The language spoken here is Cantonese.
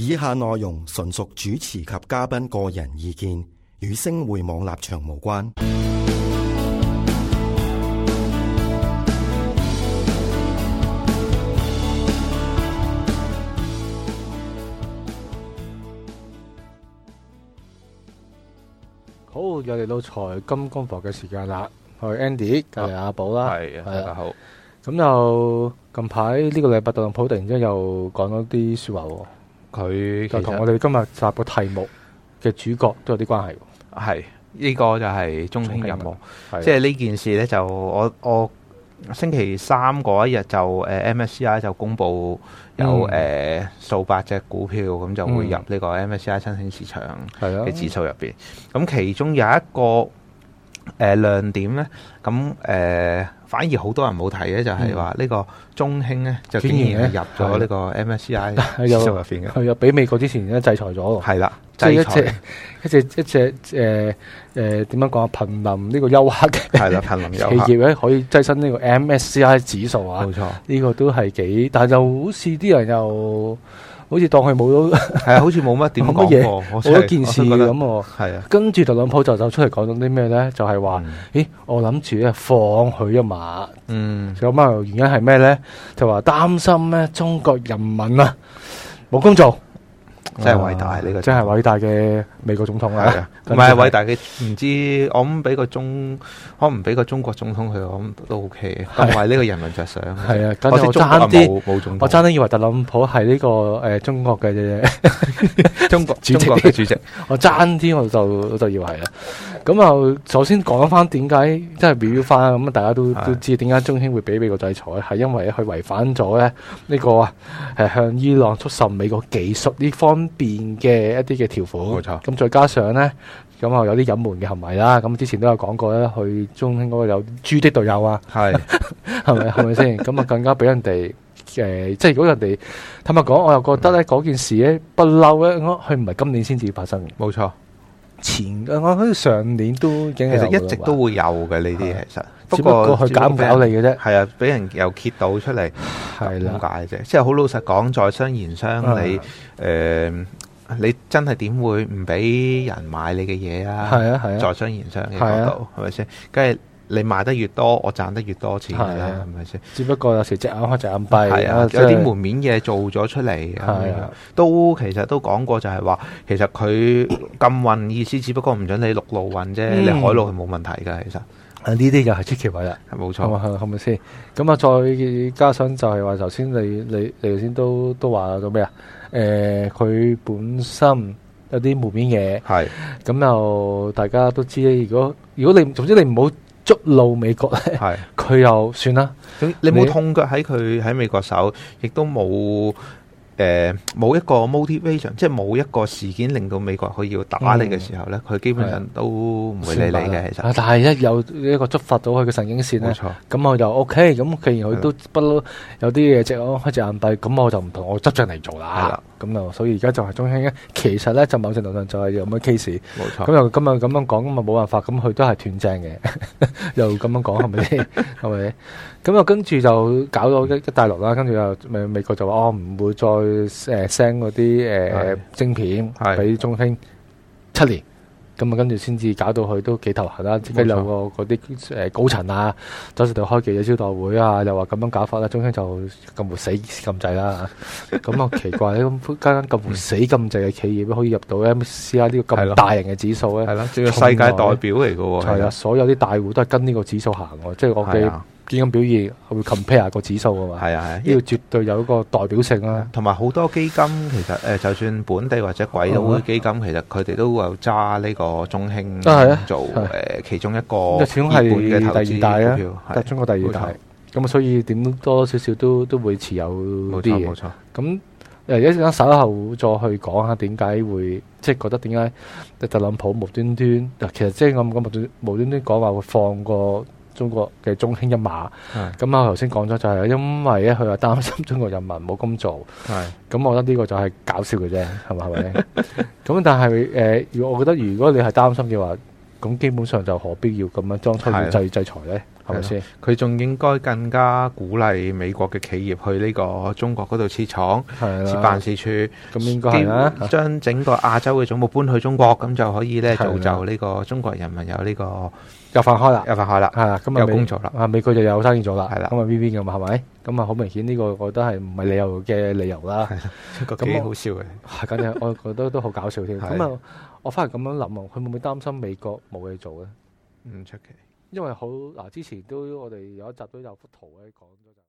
以下內容純屬主持及嘉賓個人意見，與星匯網立場無關。好，又嚟到財金工房嘅時間啦，我係 Andy，隔籬阿寶啦，係，大家好。咁就近排呢個禮拜，特朗普突然之間又講咗啲說話。佢就同我哋今日集個題目嘅主角都有啲關係。係呢、這個就係中興入魔，是的 即係呢件事呢，就我我星期三嗰一日就誒、呃、MSCI 就公布有誒數、嗯呃、百隻股票咁就會入呢個 MSCI 新興市場嘅指數入邊。咁是的 其中有一個、呃、亮點呢，咁、呃、誒。反而好多人冇提嘅，就係話呢個中興咧，就竟然，然入咗呢個 MSCI，的 又入入邊嘅，係啊，畀美國之前咧制裁咗，係啦，制裁一隻一隻一隻誒誒點樣講啊，瀕臨呢個休克嘅企業咧，可以躋身呢個 MSCI 指數啊，冇的錯，呢個都係幾，但就好似啲人又。好似當佢冇咗，係啊，好似冇乜點乜嘢冇一件事咁係啊，跟住特朗普就走出嚟講咗啲咩咧？就係話，咦，我諗住咧放佢一馬。嗯，咁啊，原因係咩咧？就話擔心咧，中國人民啊冇工做。真係偉大呢、這個！真係偉大嘅美國總統啦，啊，唔係偉大嘅。唔知我唔俾個中，可唔俾個中國總統去。我諗都 OK。同埋呢個人民着想，係啊。剛才 我爭啲冇總統，我爭啲以為特朗普係呢、這個誒中國嘅啫，中國 中國嘅 主席。主席 我爭啲我就我就以為係啦。咁啊，首先講一翻點解，即係表翻咁啊，大家都都知點解中興會俾美國制裁，係因為佢違反咗咧呢個係向伊朗出售美國技術呢方面嘅一啲嘅條款。冇錯。咁再加上咧，咁啊有啲隱瞞嘅行為啦。咁之前都有講過咧，佢中興嗰個有豬的隊友啊，係係咪係咪先？咁啊 更加俾人哋誒、呃，即係如果人哋坦白講，我又覺得咧嗰件事咧不嬲咧，應該佢唔係今年先至發生嘅。冇錯。前啊，我好似上年都，其實一直都會有嘅呢啲，的其實只不過去搞唔搞你嘅啫，係啊，俾人又揭到出嚟，係啦的，點解啫？即係好老實講，在商言商，的你誒、呃、你真係點會唔俾人買你嘅嘢啊？係啊係啊，在商言商嘅角度係咪先？跟住的。的你賣得越多，我賺得越多錢啦，係咪先？只不過有時隻眼開隻眼閉，係啊，有啲門面嘢做咗出嚟，係啊，都其實都講過就係話，其實佢禁運意思，只不過唔準你陸路運啫，你海路係冇問題嘅，其實。啊，呢啲就係積極位啦，係冇錯，係咪先？咁啊，再加上就係話，頭先你你你頭先都都話咗咩啊？誒，佢本身有啲門面嘢，係咁又大家都知，如果如果你總之你唔好。捉漏美國咧，係佢是又算啦。你冇痛腳喺佢喺美國手，亦都冇誒冇一個 motivation，即係冇一個事件令到美國可以要打你嘅時候咧，佢、嗯、基本上是都唔會理你嘅其實。但係一有一個觸發到佢嘅神經線咧，咁錯我就 OK。咁既然佢都不嬲有啲嘢隻眼開隻眼閉，咁的我就唔同我執上嚟做啦。咁又，所以而家就係中興咧。其實咧，就某程度上就係有咁嘅 case。冇錯。咁又今日咁樣講，咁又冇辦法。咁佢都係斷正嘅，又咁樣講係咪咧？係咪？咁又跟住就搞到一一大陸啦。跟住又美國就話：哦，唔會再誒 send 嗰啲誒晶片俾中興七年。咁啊，跟住先至搞到佢都幾頭痕啦，即係兩個嗰啲誒高層啊，走出嚟開記者招待會啊，又話咁樣搞法啦，中興就咁無死咁滯啦，咁啊 奇怪，咁間間咁無死咁滯嘅企業，都可以入到 MSCI、啊、呢、呢個咁大型嘅指數咧？係咯，世界代表嚟嘅喎。係啊，所有啲大戶都係跟呢個指數行喎，即係我記。基金表現會 compare 個指數嘅嘛，係啊係，呢個絕對有一個代表性啦。同埋好多基金其實誒，就算本地或者鬼佬嘅基金，其實佢哋都有揸呢個中興做誒其中一個，即係始終係第二大啊，中國第二大。咁啊，所以點多多少少都都會持有啲嘢。冇錯，冇錯。咁誒，一陣間稍後再去講下點解會，即係覺得點解特朗普無端端嗱，其實即係咁咁無端無端端講話會放個。中國嘅中興入魔咁啊！我頭先講咗就係因為咧，佢話擔心中國人民冇咁做，咁、嗯、我覺得呢個就係搞笑嘅啫，係咪？ 咁但係、呃、如果我覺得如果你係擔心嘅話，咁基本上就何必要咁樣裝出做制制裁咧？係啦，佢仲應該更加鼓勵美國嘅企業去呢個中國嗰度設廠、設辦事處，咁應該係啦。將整個亞洲嘅總部搬去中國，咁就可以咧，造就呢個中國人民有呢個又放開啦，又放開啦，啊，咁啊有工作啦，啊，美國就有生意做啦，係啦，咁啊邊邊嘅嘛，係咪？咁啊好明顯呢個，我覺得係唔係理由嘅理由啦。個幾好笑嘅，係緊我覺得都好搞笑添。咁啊，我翻嚟咁樣諗，佢會唔會擔心美國冇嘢做咧？唔出奇。因為好嗱、啊，之前都我哋有一集都有幅圖咧講。